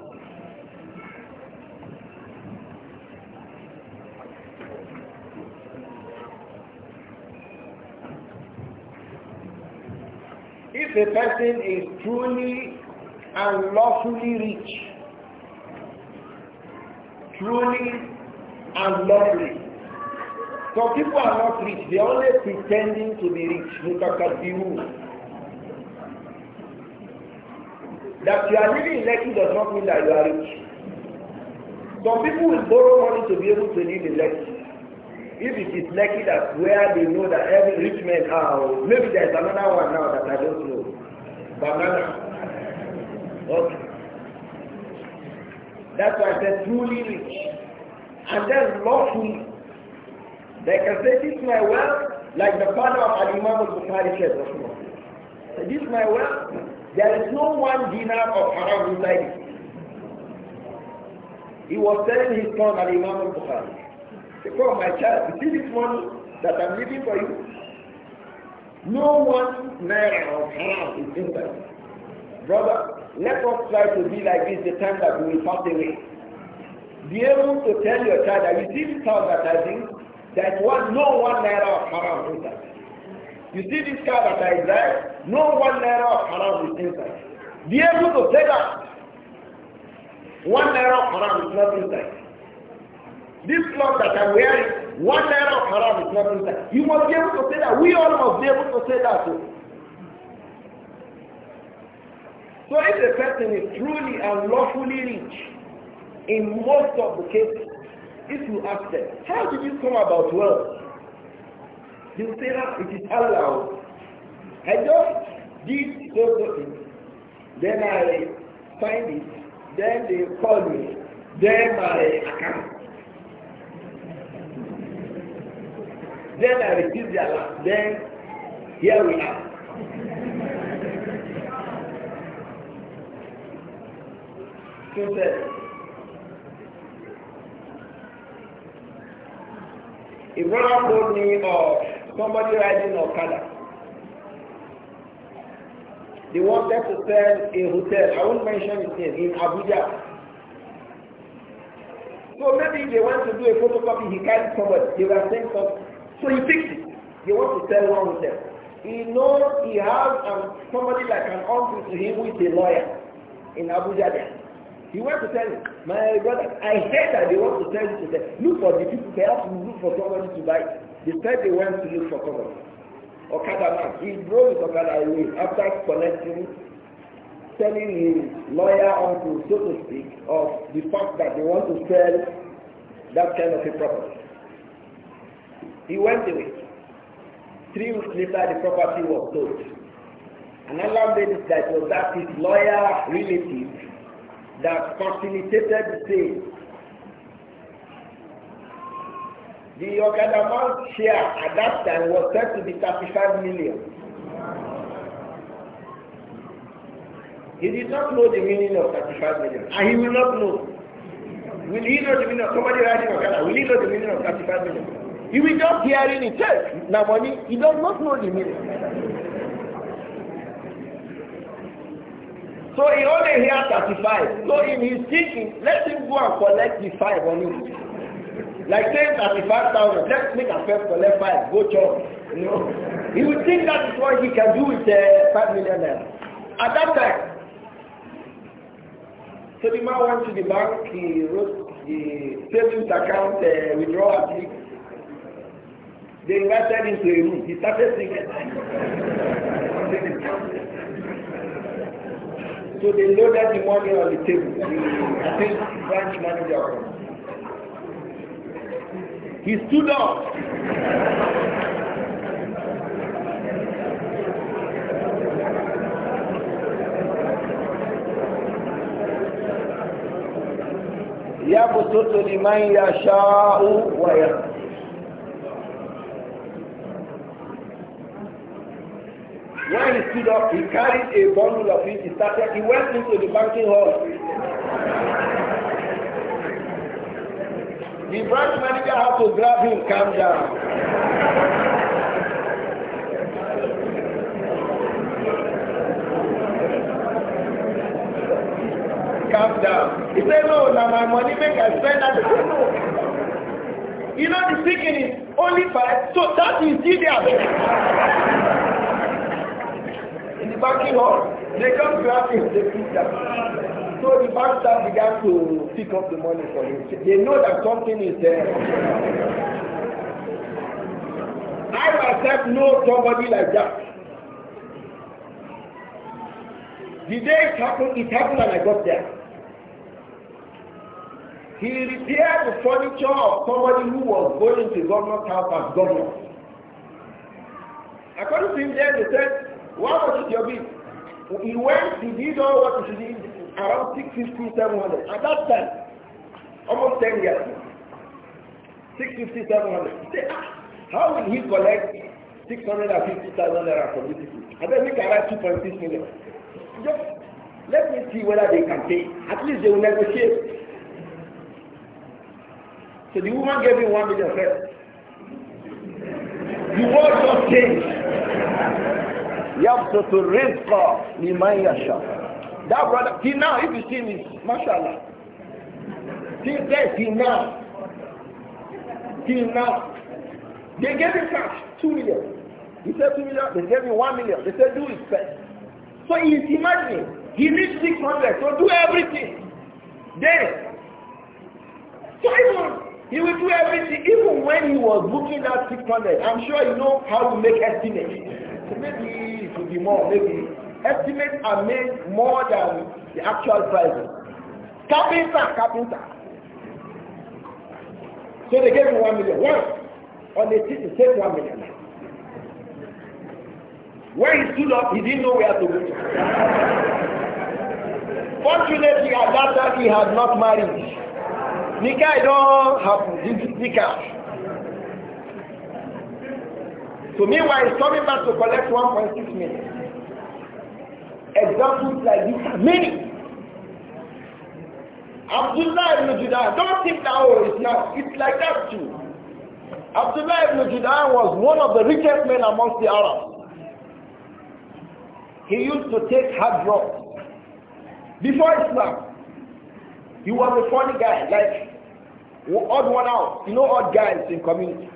if a person is truly and lawfully rich, truly and lovely. Some people are not rich, they are only pretending to be rich. That you are living in Lekki does not mean that you are rich. Some people will borrow money to be able to live in Lekki. If it is Lekki that where they know that every rich man are, ah, oh, maybe there is another one now that I don't know. Banana. Okay. That's why the said truly rich. And then lawfully. They can say, this my wealth, like the father of Al-Imam al-Bukhari said, so this my wealth, there is no one dinar of haram inside it. He was telling his son Al-Imam al-Bukhari, because my child, you see this money that I'm leaving for you? No one naira of haram is inside. Brother, let us try to be like this the time that we will pass away. Be able to tell your child that you see this house that I think, that was no one naira of haram inside. You see this car that I drive, no one naira of haram is inside. Be able to say that. One naira of haram is not inside. This cloth that I'm wearing, one naira of haram is not inside. You must be able to say that. We all must be able to say that too. So if a person is truly and lawfully rich, in most of the cases, if you ask them, how did you come about wealth? They will say that it is allowed. I just did so so thing. Then I find it. Then they call me. Then my account. Then I receive the alert. Then here we are. skill set. A brother told me of somebody riding Okada. They wanted to sell a hotel, I won't mention his name, in Abuja. So maybe they want to do a photocopy, he can't come they were saying something. So he fixed it. They want to sell one hotel. He knows he has um, somebody like an uncle to him with a lawyer in Abuja there. He went to tell him, my brother, I heard that they want to tell you to say, Look for the people, to look for somebody to buy. They said they went to look for somebody. Okada man, he drove his Okada away after collecting, telling his lawyer uncle, so to speak, of the fact that they want to sell that kind of a property. He went away. Three weeks later, the property was sold. And Allah it that was that his lawyer relative that facilitated the sale. The Okadaman's share at that time was said to be 35 million. He did not know the meaning of 35 million, and he will not know. Will he know the meaning of somebody writing Okada? Will he know the meaning of 35 million? He will just hear it, now money, he does not know the meaning. So he only hears 35. So in his thinking, let him go and collect the 5 on Like saying 35,000, let's make a first collect 5, go chop. You know? He would think that is what he can do with uh, 5 million there At that time, so the man went to the bank, he wrote the savings account uh, withdrawal slip. They invited him to a room. He started singing. So they loaded the money on the table. I think branch manager. He stood up. يبسط لمن يشاء ويقدر When he stood up, he carried a bundle of it, he started, he went into the banking hall. the branch manager had to grab him, calm down. calm down. He said, no, now my money make I spend that. You know the speaking is only five, so that is idiot. They come to ask him, they pick them. So the pastor began to pick up the money for him. They know that something is there. I myself know somebody like that. The day it happened, it happened and I got there. He repaired the furniture of somebody who was going to governor's house as governor. According to him, then they said, what was it your bill? He went, he did all what he did around 650, 700. At that time, almost 10 years. 650, 700. He said, ah, how will he collect 650,000 naira from this people? And then he can write 2.6 million. Just let me see whether they can pay. At least they will negotiate. So the woman gave him 1 million first. The world just changed. يَبْسُطُ الرِّزْقَ لِمَنْ يَشَاءُ That brother, till now, if you see me, mashallah. Till then, till now. Till now. They gave him cash, 2 million. He said 2 million, they gave him 1 million. They said, do it first. So is imagining. He reach 600, so do everything. Then, so even he will do everything. Even when he was booking that 600, I'm sure you know how to make estimate maybe it will be more, maybe. Estimates are made more than the actual prices. Carpenter, carpenter. So they gave me one million. What? On the city, take one million. When he stood up, he didn't know where to go. Fortunately, at that time, he had not married. Nikah don't happen. This so meanwhile, he's coming back to collect 1.6 million. Examples like this are many. Abdullah ibn Judah, don't think that oh, it's now. It's like that too. Abdullah ibn Judah was one of the richest men amongst the Arabs. He used to take hard drugs. Before Islam, he was a funny guy, like odd one out. You know odd guys in community.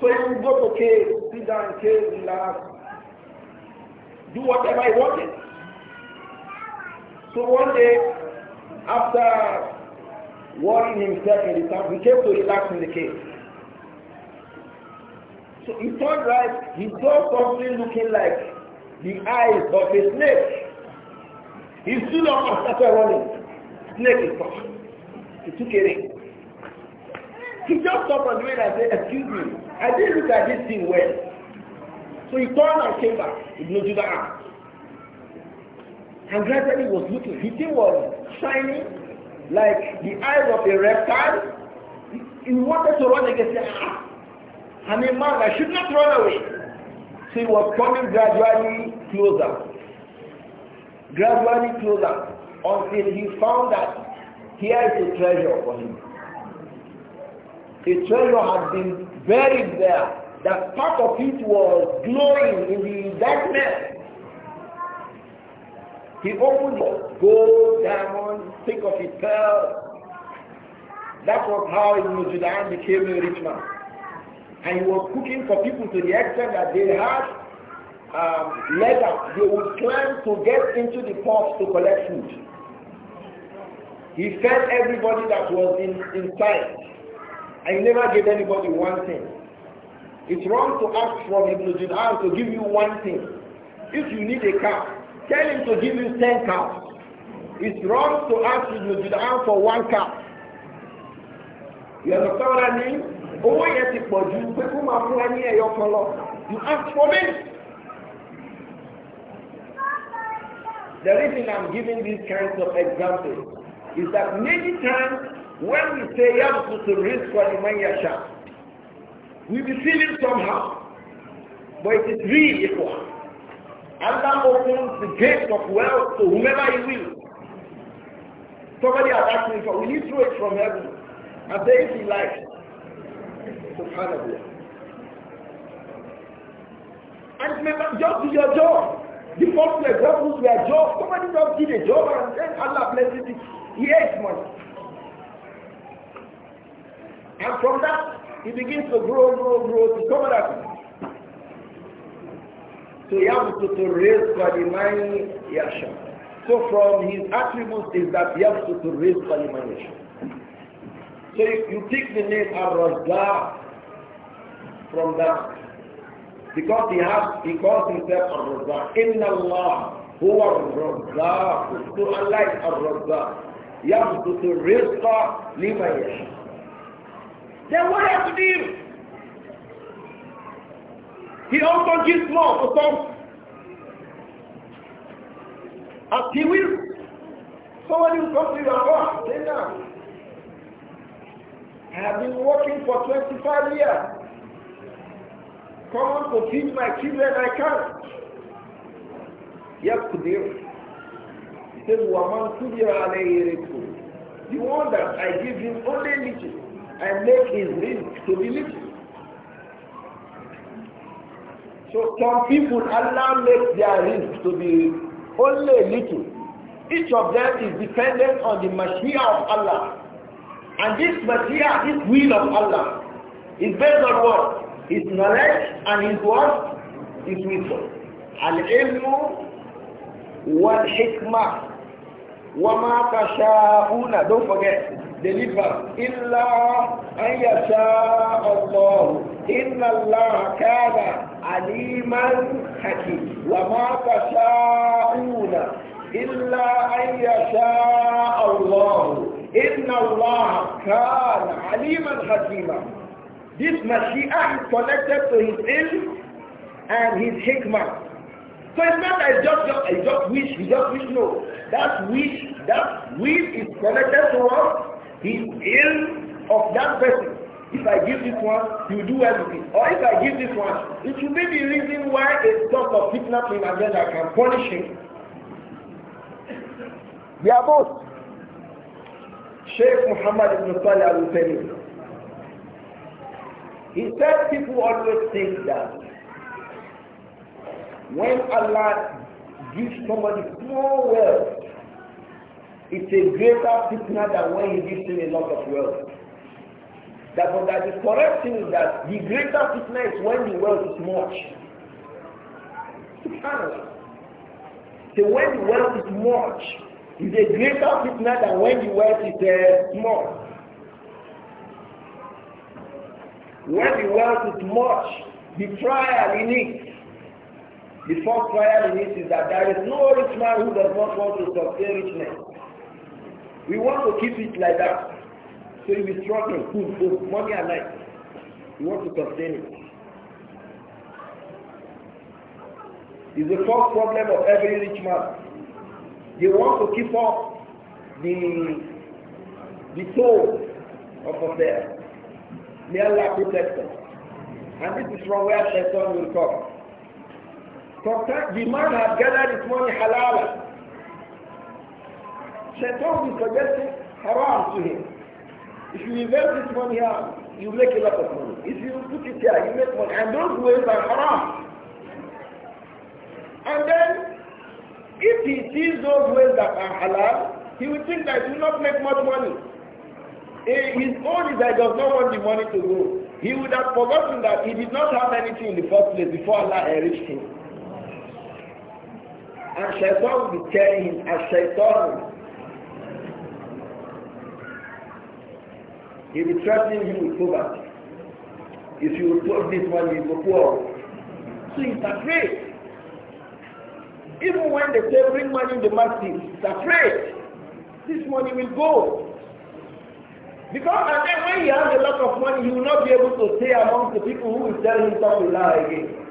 So he would go to cave, sit down in cave, relax, do whatever he wanted. So one day, after worrying himself in the camp, he came to relax in the cave. So he turned right, he saw something looking like the eyes of a snake. He stood up and started running. Snake is coming. He took a ring. He just stopped and went and said, excuse me, I didn't look at this thing well. So he turned and came back. no Judah asked. And gradually he was looking. His thing was shining like the eyes of a reptile. He, wanted to run against it. ah, I'm a man, I should not run away. So he was coming gradually closer. Gradually closer until he found that here is a treasure for him. A treasure had been buried there, that part of it was glowing in the darkness. He opened it, gold, diamond, think of it, pearl. That was how Ibn became a rich man. And he was cooking for people to the extent that they had um, leather. They would climb to get into the pots to collect food. He fed everybody that was in, inside. I never get anybody one thing. It's wrong to ask from Ibn Judan to give you one thing. If you need a car, tell him to give you ten cars. It's wrong to ask Ibn Judan for one car. You understand what I mean? Owó yẹn ti pọ̀ ju pé kó máa fún ẹ ní ẹyọ kan lọ. You ask for me. The reason I'm giving these kinds of examples is that many times when we say risk Rizqa the Yasha, we receive it somehow. But it is real equal. Allah opens the gates of wealth to whomever He will. Somebody has asked me, will you throw it from heaven? I say, if He likes. Subhanallah. And remember, just do your job. The first examples were job. Somebody just did a job and then Allah blesses it. He ate money. And from that, he begins to grow, grow, grow to come at so to raise لِمَنْ يَشَاءُ So from his attributes is that he has to raise لِمَنْ يَشَاءُ So you, you take the name Ar-Razzaq from that because he has he calls himself Ar-Razzaq. Inna Allah huwa Ar-Razzaq. So Allah is Ar-Razzaq. to الرِّزْقَ لِمَنْ يَشَاءُ then what have to do? He also gives more to some. as he will. Somebody will come to you and oh, say now, I have been working for 25 years. Come on to feed my children, I can't. Yes, to deal. He says, Waman Kudir alayhi The one that I give him only little and make his risk to be little. So some people, Allah makes their risk to be only little. Each of them is dependent on the Mashiach of Allah. And this Mashiach, this will of Allah, is based on what? His knowledge and his what? His wisdom. Al-ilmu wal-hikmah. Wama tasha'una. Don't forget. Deliver, Illa an yasha Allah. Inna Allah kana aliman hakim. Wa ma tasha'una illa an yasha Allah. Inna Allah kana aliman hakima. This Mashiach connected to his ilm and his hikmah. So it's not that just, just, I just wish, he just wish, no. That wish, that wish is connected to what? is ill of that person. If I give this one, you do everything. Or if I give this one, it should be the reason why a sort of kidnap him I can punish him. We are both. Sheikh Muhammad ibn Salih al Utaymi. He said people always think that when Allah gives somebody small wealth, it's a greater fitna than when he gives him a lot of wealth. That what that is correct thing is that the greater fitna is when the wealth is much. Subhanallah. So when the wealth is much, is a greater fitna than when the wealth is uh, small. When the wealth is much, the trial in it, the first trial in it is that there is no rich man who does not want to sustain richness. We want to keep it like that. So you'll be struggling, food, food, money and life. You want to sustain it. It's the first problem of every rich man. They want to keep up the the soul of affairs. May Allah protect us. And this is from where Shaitan will come. Sometimes the man has gathered his money halal Shaitan will suggesting haram to him. If you invest this money here, you make a lot of money. If you put it here, you make money. And those ways are haram. And then, if he sees those ways that are halal, he will think that he will not make much money. His own is that he does not want the money to go. He would have forgotten that he did not have anything in the first place before Allah enriched him. And Shaitan will be telling him, as Shaitan He'll be threatening you with poverty. If you talk this one, you go poor. So he's afraid. Even when they say bring money in the market, he's afraid. This money will go. Because and then when he has a lot of money, he will not be able to stay among the people who will tell him not to lie again.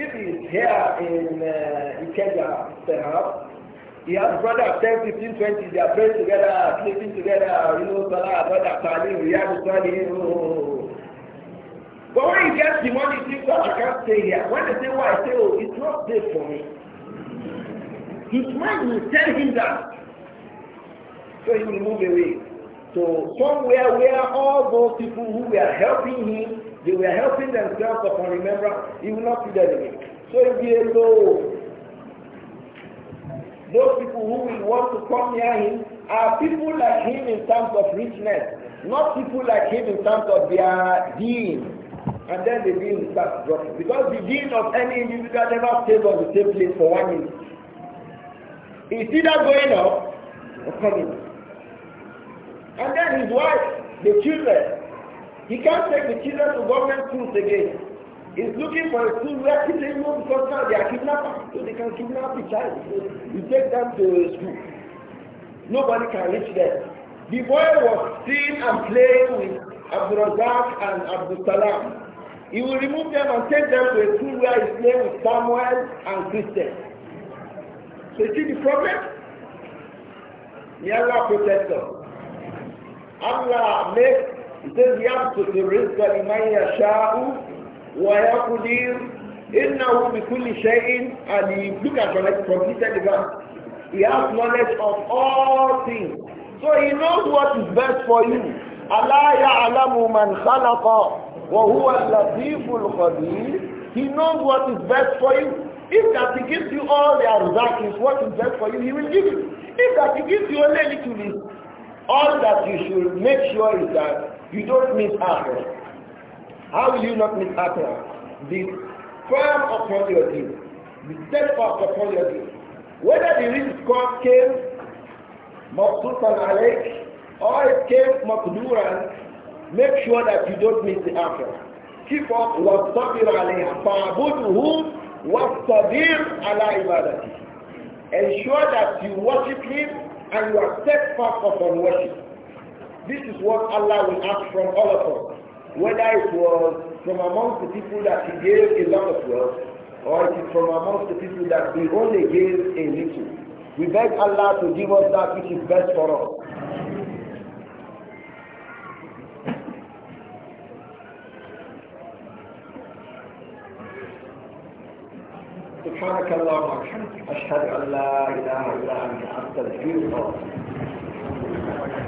If here in uh, Ikeja, perhaps, he has brother 10, 15, 20, they are praying together, sleeping together, you know, Salah, brother, Salim, Riyadh, Salim, oh. But when he gets the money, he thinks, oh, I can't stay here. When they say why, I say, oh, it's not safe for me. His mind will tell him that. So he will move away. So somewhere where all those people who were helping him, they were helping themselves upon remembrance, he will not see there again. So he will be alone. Those people who will want to come near him are people like him in terms of richness, not people like him in terms of their being. And then the deen starts dropping. Because the being of any individual never stays on the same place for one minute. It's either going up or coming And then his wife, the children. He can't take the children to government schools again is looking for a school where children say no because now they are kidnappers. So they can kidnap the child. So you take them to school. Nobody can reach them. The boy was seen and playing with Abdul and Abdul Salam. He will remove them and take them to a school where he's playing with Samuel and Christian. So you see the problem? May Allah protect us. Allah makes, he says, يَبْسُطُ الرِّزْقَ لِمَنْ يَشَاءُ ويقدر إنه بكل شيء عليم look at the completed verse he has knowledge of all things so he knows what is best for you ألا يعلم من خلق وهو اللطيف الخبير he knows what is best for you if that he gives you all the arzak is what is best for you he will give you. if that he gives you only little bit all that you should make sure is that you don't miss out how will you not miss happen? The firm upon your the step steadfast upon your deed. Whether the risk God came, Maqsutan Alek, or it came Maqduran, make sure that you don't miss the affair. Keep up wastabir alayha. Was wastabir ala ibadati. Ensure that you worship Him and you are steadfast upon worship. This is what Allah will ask from all of us whether it was from amongst the people that he gave a lot of wealth, or it is from amongst the people that he only gave a little. We beg Allah to give us that which is best for us. سبحانك اللهم وبحمدك أشهد أن لا إله إلا أنت أستغفرك